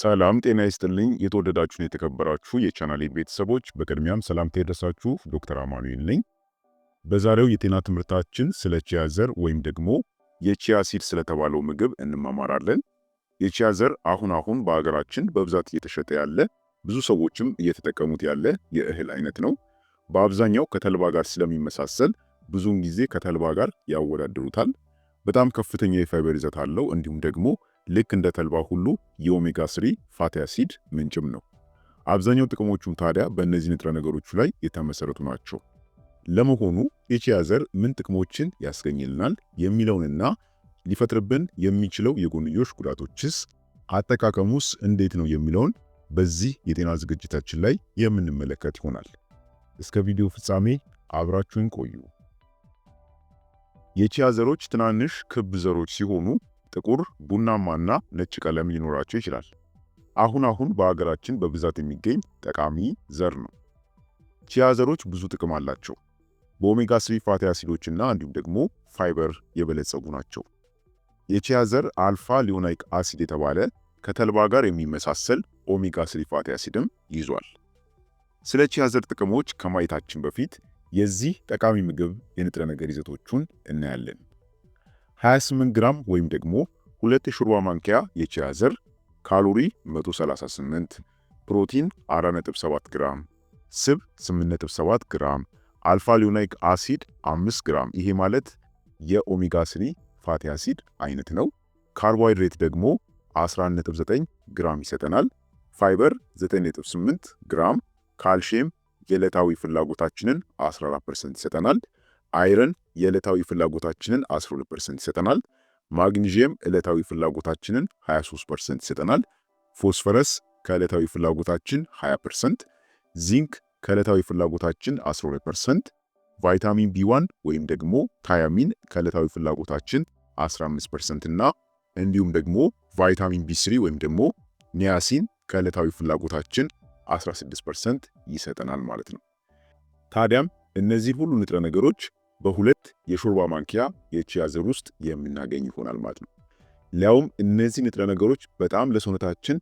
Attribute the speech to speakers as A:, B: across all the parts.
A: ሰላም ጤና ይስጥልኝ። የተወደዳችሁ የተከበራችሁ የቻናሌ ቤተሰቦች በቅድሚያም ሰላምታ ይድረሳችሁ። ዶክተር አማኑኤል ነኝ። በዛሬው የጤና ትምህርታችን ስለ ቺያ ዘር ወይም ደግሞ የቺያ ሲድ ስለተባለው ምግብ እንማማራለን። የቺያ ዘር አሁን አሁን በሀገራችን በብዛት እየተሸጠ ያለ ብዙ ሰዎችም እየተጠቀሙት ያለ የእህል አይነት ነው። በአብዛኛው ከተልባ ጋር ስለሚመሳሰል ብዙውን ጊዜ ከተልባ ጋር ያወዳድሩታል። በጣም ከፍተኛ የፋይበር ይዘት አለው እንዲሁም ደግሞ ልክ እንደ ተልባ ሁሉ የኦሜጋ ስሪ ፋቲ አሲድ ምንጭም ነው። አብዛኛው ጥቅሞቹም ታዲያ በእነዚህ ንጥረ ነገሮቹ ላይ የተመሰረቱ ናቸው። ለመሆኑ የቺያ ዘር ምን ጥቅሞችን ያስገኝልናል የሚለውንና ሊፈጥርብን የሚችለው የጎንዮሽ ጉዳቶችስ፣ አጠቃቀሙስ እንዴት ነው የሚለውን በዚህ የጤና ዝግጅታችን ላይ የምንመለከት ይሆናል። እስከ ቪዲዮ ፍጻሜ አብራችሁን ቆዩ። የቺያ ዘሮች ትናንሽ ክብ ዘሮች ሲሆኑ ጥቁር ቡናማና ነጭ ቀለም ሊኖራቸው ይችላል። አሁን አሁን በሀገራችን በብዛት የሚገኝ ጠቃሚ ዘር ነው። ቺያ ዘሮች ብዙ ጥቅም አላቸው። በኦሜጋ ስሪ ፋቲ አሲዶችና እንዲሁም ደግሞ ፋይበር የበለጸጉ ናቸው። የቺያ ዘር አልፋ ሊዮናይክ አሲድ የተባለ ከተልባ ጋር የሚመሳሰል ኦሜጋ ስሪ ፋቲ አሲድም ይዟል። ስለ ቺያ ዘር ጥቅሞች ከማየታችን በፊት የዚህ ጠቃሚ ምግብ የንጥረ ነገር ይዘቶቹን እናያለን። 28 ግራም ወይም ደግሞ ሁለት የሾርባ ማንኪያ የቺያ ዘር፣ ካሎሪ 138፣ ፕሮቲን 4.7 ግራም፣ ስብ 8.7 ግራም፣ አልፋ ሊዮናይክ አሲድ 5 ግራም። ይሄ ማለት የኦሜጋ 3 ፋቲ አሲድ አይነት ነው። ካርቦሃይድሬት ደግሞ 19 ግራም ይሰጠናል። ፋይበር 9.8 ግራም፣ ካልሽየም የዕለታዊ ፍላጎታችንን 14% ይሰጠናል። አይረን የዕለታዊ ፍላጎታችንን 12 ፐርሰንት ይሰጠናል። ማግኒዥየም ዕለታዊ ፍላጎታችንን 23 ፐርሰንት ይሰጠናል። ፎስፈረስ ከዕለታዊ ፍላጎታችን 20 ፐርሰንት፣ ዚንክ ከዕለታዊ ፍላጎታችን 12 ፐርሰንት፣ ቫይታሚን ቢ1 ወይም ደግሞ ታያሚን ከዕለታዊ ፍላጎታችን 15 ፐርሰንት እና እንዲሁም ደግሞ ቫይታሚን ቢ3 ወይም ደግሞ ኒያሲን ከዕለታዊ ፍላጎታችን 16 ፐርሰንት ይሰጠናል ማለት ነው። ታዲያም እነዚህ ሁሉ ንጥረ ነገሮች በሁለት የሾርባ ማንኪያ የቺያ ዘር ውስጥ የምናገኝ ይሆናል ማለት ነው። ሊያውም እነዚህ ንጥረ ነገሮች በጣም ለሰውነታችን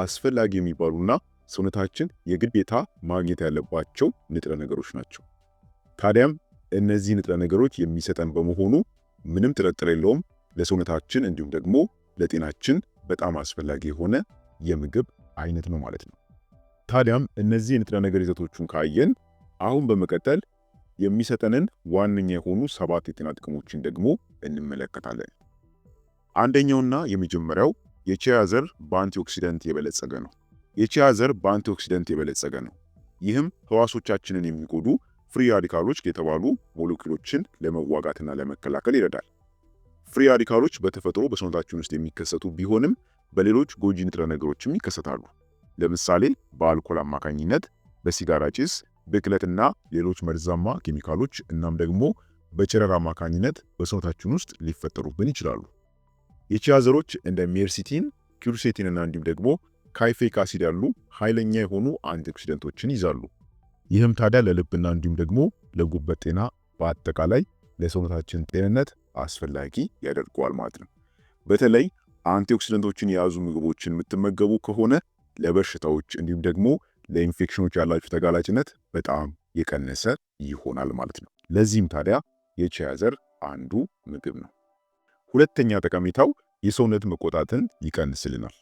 A: አስፈላጊ የሚባሉና ሰውነታችን የግዴታ ማግኘት ያለባቸው ንጥረ ነገሮች ናቸው። ታዲያም እነዚህ ንጥረ ነገሮች የሚሰጠን በመሆኑ ምንም ጥርጥር የለውም ለሰውነታችን እንዲሁም ደግሞ ለጤናችን በጣም አስፈላጊ የሆነ የምግብ አይነት ነው ማለት ነው። ታዲያም እነዚህ ንጥረ ነገር ይዘቶቹን ካየን አሁን በመቀጠል የሚሰጠንን ዋነኛ የሆኑ ሰባት የጤና ጥቅሞችን ደግሞ እንመለከታለን። አንደኛውና የመጀመሪያው የቺያ ዘር በአንቲኦክሲደንት የበለጸገ ነው። የቺያ ዘር በአንቲኦክሲደንት የበለጸገ ነው። ይህም ህዋሶቻችንን የሚጎዱ ፍሪ ራዲካሎች የተባሉ ሞለኪሎችን ለመዋጋትና ለመከላከል ይረዳል። ፍሪ ራዲካሎች በተፈጥሮ በሰውነታችን ውስጥ የሚከሰቱ ቢሆንም በሌሎች ጎጂ ንጥረ ነገሮችም ይከሰታሉ። ለምሳሌ በአልኮል አማካኝነት፣ በሲጋራ ጭስ፣ ብክለትና ሌሎች መርዛማ ኬሚካሎች እናም ደግሞ በጨረር አማካኝነት በሰውነታችን ውስጥ ሊፈጠሩብን ይችላሉ። የቺያ ዘሮች እንደ ሜርሲቲን፣ ኪሩሴቲን እና እንዲሁም ደግሞ ካይፌክ አሲድ ያሉ ኃይለኛ የሆኑ አንቲኦክሲደንቶችን ይዛሉ። ይህም ታዲያ ለልብና እንዲሁም ደግሞ ለጉበት ጤና በአጠቃላይ ለሰውነታችን ጤንነት አስፈላጊ ያደርገዋል ማለት ነው። በተለይ አንቲኦክሲደንቶችን የያዙ ምግቦችን የምትመገቡ ከሆነ ለበሽታዎች እንዲሁም ደግሞ ለኢንፌክሽኖች ያላችሁ ተጋላጭነት በጣም የቀነሰ ይሆናል ማለት ነው። ለዚህም ታዲያ የቺያ ዘር አንዱ ምግብ ነው። ሁለተኛ ጠቀሜታው የሰውነት መቆጣትን ይቀንስልናል።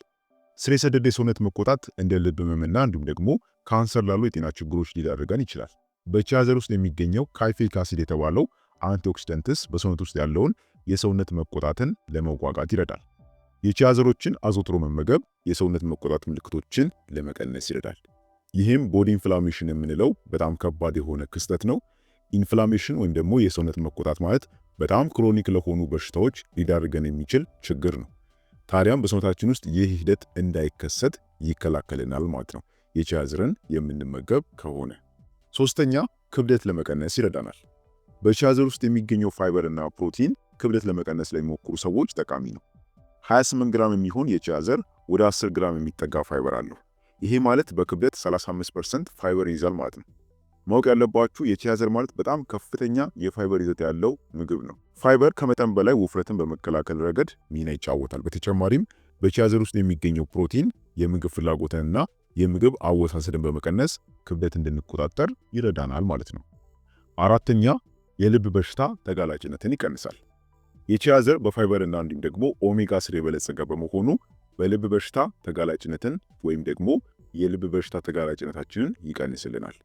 A: ስር የሰደደ የሰውነት መቆጣት እንደ ልብ ህመምና እንዲሁም ደግሞ ካንሰር ላሉ የጤና ችግሮች ሊዳርገን ይችላል። በቺያ ዘር ውስጥ የሚገኘው ካይፌክ አሲድ የተባለው አንቲኦክሲደንትስ በሰውነት ውስጥ ያለውን የሰውነት መቆጣትን ለመዋጋት ይረዳል። የቺያ ዘሮችን አዘውትሮ መመገብ የሰውነት መቆጣት ምልክቶችን ለመቀነስ ይረዳል። ይህም ቦዲ ኢንፍላሜሽን የምንለው በጣም ከባድ የሆነ ክስተት ነው። ኢንፍላሜሽን ወይም ደግሞ የሰውነት መቆጣት ማለት በጣም ክሮኒክ ለሆኑ በሽታዎች ሊዳርገን የሚችል ችግር ነው። ታዲያም በሰውነታችን ውስጥ ይህ ሂደት እንዳይከሰት ይከላከልናል ማለት ነው የቻዝርን የምንመገብ ከሆነ። ሶስተኛ ክብደት ለመቀነስ ይረዳናል። በቻዝር ውስጥ የሚገኘው ፋይበር እና ፕሮቲን ክብደት ለመቀነስ ለሚሞክሩ ሰዎች ጠቃሚ ነው። 28 ግራም የሚሆን የቻዘር ወደ 10 ግራም የሚጠጋ ፋይበር አለው። ይሄ ማለት በክብደት 35% ፋይበር ይይዛል ማለት ነው። ማወቅ ያለባችሁ የቺያዘር ማለት በጣም ከፍተኛ የፋይበር ይዘት ያለው ምግብ ነው። ፋይበር ከመጠን በላይ ውፍረትን በመከላከል ረገድ ሚና ይጫወታል። በተጨማሪም በቺያዘር ውስጥ የሚገኘው ፕሮቲን የምግብ ፍላጎትንና የምግብ አወሳሰድን በመቀነስ ክብደት እንድንቆጣጠር ይረዳናል ማለት ነው። አራተኛ የልብ በሽታ ተጋላጭነትን ይቀንሳል። የቺያ በፋይበርና እንዲሁም ደግሞ ኦሜጋ ስር የበለጸገ በመሆኑ በልብ በሽታ ተጋላጭነትን ወይም ደግሞ የልብ በሽታ ተጋላጭነታችንን ይቀንስልናል።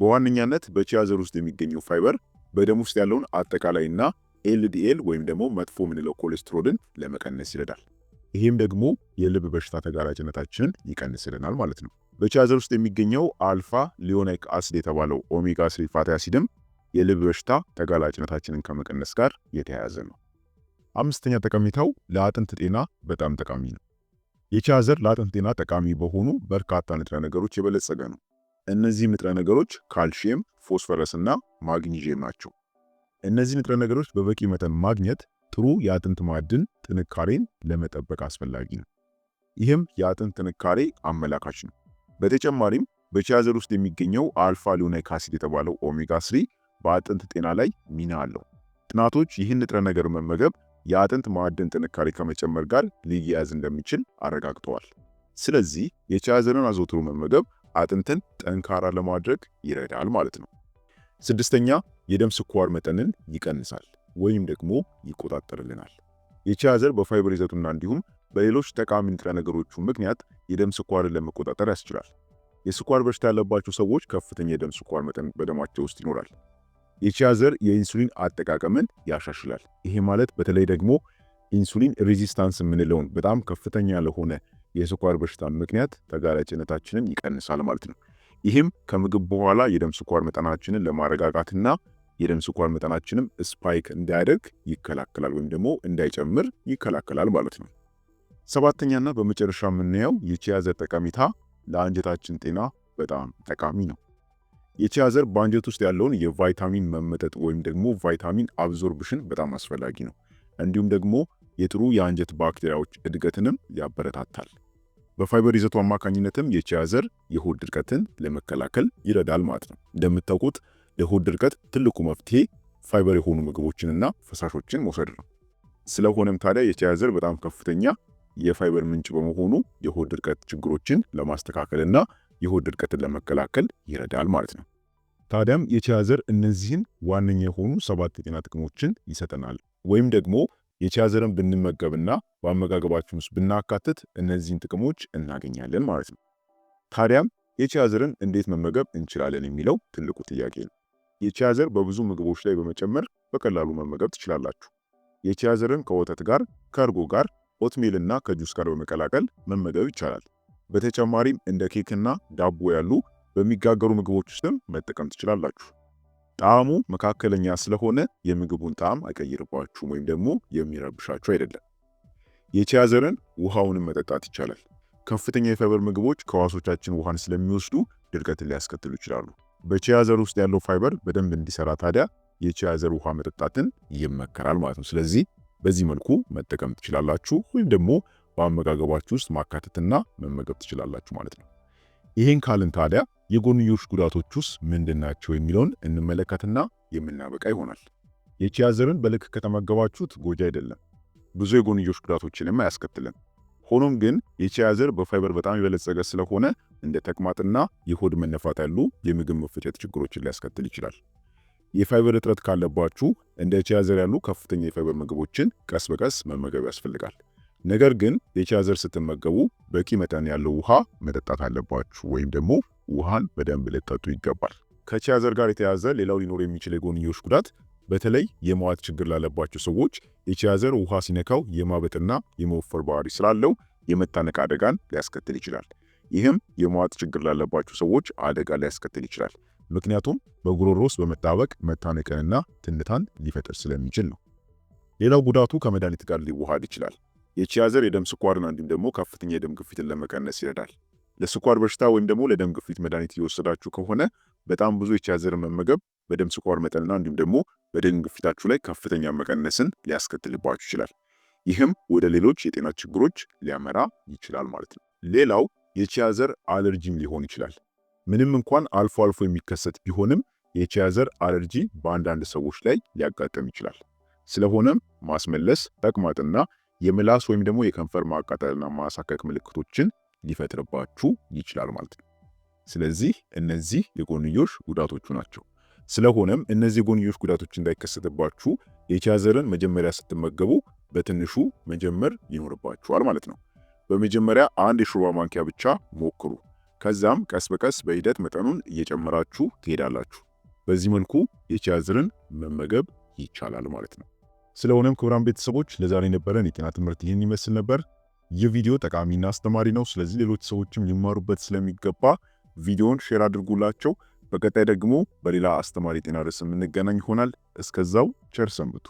A: በዋነኛነት በቺያ ዘር ውስጥ የሚገኘው ፋይበር በደም ውስጥ ያለውን አጠቃላይና ኤልዲኤል ወይም ደግሞ መጥፎ የምንለው ኮሌስትሮልን ለመቀነስ ይረዳል። ይህም ደግሞ የልብ በሽታ ተጋላጭነታችንን ይቀንስልናል ማለት ነው። በቺያ ዘር ውስጥ የሚገኘው አልፋ ሊዮናይክ አሲድ የተባለው ኦሜጋ ስሪ ፋቲ አሲድም የልብ በሽታ ተጋላጭነታችንን ከመቀነስ ጋር የተያያዘ ነው። አምስተኛ ጠቀሜታው ለአጥንት ጤና በጣም ጠቃሚ ነው። የቺያ ዘር ለአጥንት ጤና ጠቃሚ በሆኑ በርካታ ንጥረ ነገሮች የበለጸገ ነው። እነዚህ ንጥረ ነገሮች ካልሽየም፣ ፎስፈረስ እና ማግኒዥየም ናቸው። እነዚህ ንጥረ ነገሮች በበቂ መጠን ማግኘት ጥሩ የአጥንት ማዕድን ጥንካሬን ለመጠበቅ አስፈላጊ ነው። ይህም የአጥንት ጥንካሬ አመላካች ነው። በተጨማሪም በቺያ ዘር ውስጥ የሚገኘው አልፋ ሊዮናይክ አሲድ የተባለው ኦሜጋ 3 በአጥንት ጤና ላይ ሚና አለው። ጥናቶች ይህን ንጥረ ነገር መመገብ የአጥንት ማዕድን ጥንካሬ ከመጨመር ጋር ሊያያዝ እንደሚችል አረጋግጠዋል። ስለዚህ ቻያዘርን አዘውትሮ መመገብ አጥንትን ጠንካራ ለማድረግ ይረዳል ማለት ነው። ስድስተኛ የደም ስኳር መጠንን ይቀንሳል ወይም ደግሞ ይቆጣጠርልናል። የቻያዘር በፋይበር ይዘቱና እንዲሁም በሌሎች ጠቃሚ ንጥረ ነገሮቹ ምክንያት የደም ስኳርን ለመቆጣጠር ያስችላል። የስኳር በሽታ ያለባቸው ሰዎች ከፍተኛ የደም ስኳር መጠን በደማቸው ውስጥ ይኖራል። የቺያዘር የኢንሱሊን አጠቃቀምን ያሻሽላል። ይሄ ማለት በተለይ ደግሞ ኢንሱሊን ሬዚስታንስ የምንለውን በጣም ከፍተኛ ለሆነ የስኳር በሽታ ምክንያት ተጋላጭነታችንን ይቀንሳል ማለት ነው። ይህም ከምግብ በኋላ የደም ስኳር መጠናችንን ለማረጋጋትና የደም ስኳር መጠናችንም ስፓይክ እንዳያደርግ ይከላከላል ወይም ደግሞ እንዳይጨምር ይከላከላል ማለት ነው። ሰባተኛና በመጨረሻ የምናየው የቺያዘር ጠቀሜታ ለአንጀታችን ጤና በጣም ጠቃሚ ነው። የቺያዘር በአንጀት ውስጥ ያለውን የቫይታሚን መመጠጥ ወይም ደግሞ ቫይታሚን አብዞርብሽን በጣም አስፈላጊ ነው። እንዲሁም ደግሞ የጥሩ የአንጀት ባክቴሪያዎች እድገትንም ያበረታታል። በፋይበር ይዘቱ አማካኝነትም የቺያዘር የሆድ ድርቀትን ለመከላከል ይረዳል ማለት ነው። እንደምታውቁት ለሆድ ድርቀት ትልቁ መፍትሄ ፋይበር የሆኑ ምግቦችንና ፈሳሾችን መውሰድ ነው። ስለሆነም ታዲያ የቺያዘር በጣም ከፍተኛ የፋይበር ምንጭ በመሆኑ የሆድ ድርቀት ችግሮችን ለማስተካከልና የሆድ ድርቀትን ለመከላከል ይረዳል ማለት ነው። ታዲያም የቺያ ዘር እነዚህን ዋነኛ የሆኑ ሰባት የጤና ጥቅሞችን ይሰጠናል። ወይም ደግሞ የቺያ ዘርን ብንመገብና በአመጋገባችን ውስጥ ብናካትት እነዚህን ጥቅሞች እናገኛለን ማለት ነው። ታዲያም የቺያ ዘርን እንዴት መመገብ እንችላለን የሚለው ትልቁ ጥያቄ ነው። የቺያ ዘር በብዙ ምግቦች ላይ በመጨመር በቀላሉ መመገብ ትችላላችሁ። የቺያ ዘርን ከወተት ጋር፣ ከእርጎ ጋር፣ ኦትሜልና ከጁስ ጋር በመቀላቀል መመገብ ይቻላል። በተጨማሪም እንደ ኬክና ዳቦ ያሉ በሚጋገሩ ምግቦች ውስጥም መጠቀም ትችላላችሁ። ጣዕሙ መካከለኛ ስለሆነ የምግቡን ጣዕም አይቀይርባችሁም ወይም ደግሞ የሚረብሻችሁ አይደለም። የቺያ ዘርን ውሃውንም መጠጣት ይቻላል። ከፍተኛ የፋይበር ምግቦች ከዋሶቻችን ውሃን ስለሚወስዱ ድርቀትን ሊያስከትሉ ይችላሉ። በቺያ ዘር ውስጥ ያለው ፋይበር በደንብ እንዲሰራ ታዲያ የቺያ ዘር ውሃ መጠጣትን ይመከራል ማለት ነው። ስለዚህ በዚህ መልኩ መጠቀም ትችላላችሁ ወይም ደግሞ በአመጋገባችሁ ውስጥ ማካተትና መመገብ ትችላላችሁ ማለት ነው። ይህን ካልን ታዲያ የጎንዮሽ ጉዳቶች ውስጥ ምንድን ናቸው የሚለውን እንመለከትና የምናበቃ ይሆናል። የቺያ ዘርን በልክ ከተመገባችሁት ጎጂ አይደለም፣ ብዙ የጎንዮሽ ጉዳቶችንም አያስከትልም። ሆኖም ግን የቺያ ዘር በፋይበር በጣም የበለጸገ ስለሆነ እንደ ተቅማጥና የሆድ መነፋት ያሉ የምግብ መፈጨት ችግሮችን ሊያስከትል ይችላል። የፋይበር እጥረት ካለባችሁ እንደ ቺያ ዘር ያሉ ከፍተኛ የፋይበር ምግቦችን ቀስ በቀስ መመገብ ያስፈልጋል። ነገር ግን የቻዘር ስትመገቡ በቂ መጠን ያለው ውሃ መጠጣት አለባችሁ፣ ወይም ደግሞ ውሃን በደንብ ልጠጡ ይገባል። ከቻዘር ጋር የተያዘ ሌላው ሊኖር የሚችል የጎንዮሽ ጉዳት በተለይ የመዋጥ ችግር ላለባቸው ሰዎች የቻዘር ውሃ ሲነካው የማበጥና የመወፈር ባህሪ ስላለው የመታነቅ አደጋን ሊያስከትል ይችላል። ይህም የመዋጥ ችግር ላለባቸው ሰዎች አደጋ ሊያስከትል ይችላል። ምክንያቱም በጉሮሮ ውስጥ በመጣበቅ መታነቅንና ትንታን ሊፈጥር ስለሚችል ነው። ሌላው ጉዳቱ ከመድኃኒት ጋር ሊዋሃድ ይችላል። የቺያዘር የደም ስኳርን እንዲሁም ደግሞ ከፍተኛ የደም ግፊትን ለመቀነስ ይረዳል። ለስኳር በሽታ ወይም ደግሞ ለደም ግፊት መድኃኒት እየወሰዳችሁ ከሆነ በጣም ብዙ የቺያዘርን መመገብ በደም ስኳር መጠንና እንዲሁም ደግሞ በደም ግፊታችሁ ላይ ከፍተኛ መቀነስን ሊያስከትልባችሁ ይችላል። ይህም ወደ ሌሎች የጤና ችግሮች ሊያመራ ይችላል ማለት ነው። ሌላው የቺያዘር አለርጂም ሊሆን ይችላል። ምንም እንኳን አልፎ አልፎ የሚከሰት ቢሆንም የቺያዘር አለርጂ በአንዳንድ ሰዎች ላይ ሊያጋጥም ይችላል። ስለሆነም ማስመለስ፣ ተቅማጥና የምላስ ወይም ደግሞ የከንፈር ማቃጠልና ማሳከክ ምልክቶችን ሊፈጥርባችሁ ይችላል ማለት ነው። ስለዚህ እነዚህ የጎንዮሽ ጉዳቶቹ ናቸው። ስለሆነም እነዚህ የጎንዮሽ ጉዳቶች እንዳይከሰትባችሁ የቻዘርን መጀመሪያ ስትመገቡ በትንሹ መጀመር ይኖርባችኋል ማለት ነው። በመጀመሪያ አንድ የሾርባ ማንኪያ ብቻ ሞክሩ። ከዛም ቀስ በቀስ በሂደት መጠኑን እየጨመራችሁ ትሄዳላችሁ። በዚህ መልኩ የቻዘርን መመገብ ይቻላል ማለት ነው። ስለሆነም ክቡራን ቤተሰቦች ለዛሬ የነበረን የጤና ትምህርት ይህን ይመስል ነበር። ይህ ቪዲዮ ጠቃሚና አስተማሪ ነው። ስለዚህ ሌሎች ሰዎችም ሊማሩበት ስለሚገባ ቪዲዮውን ሼር አድርጉላቸው። በቀጣይ ደግሞ በሌላ አስተማሪ ጤና ርዕስ የምንገናኝ ይሆናል። እስከዛው ቸር ሰንብቱ።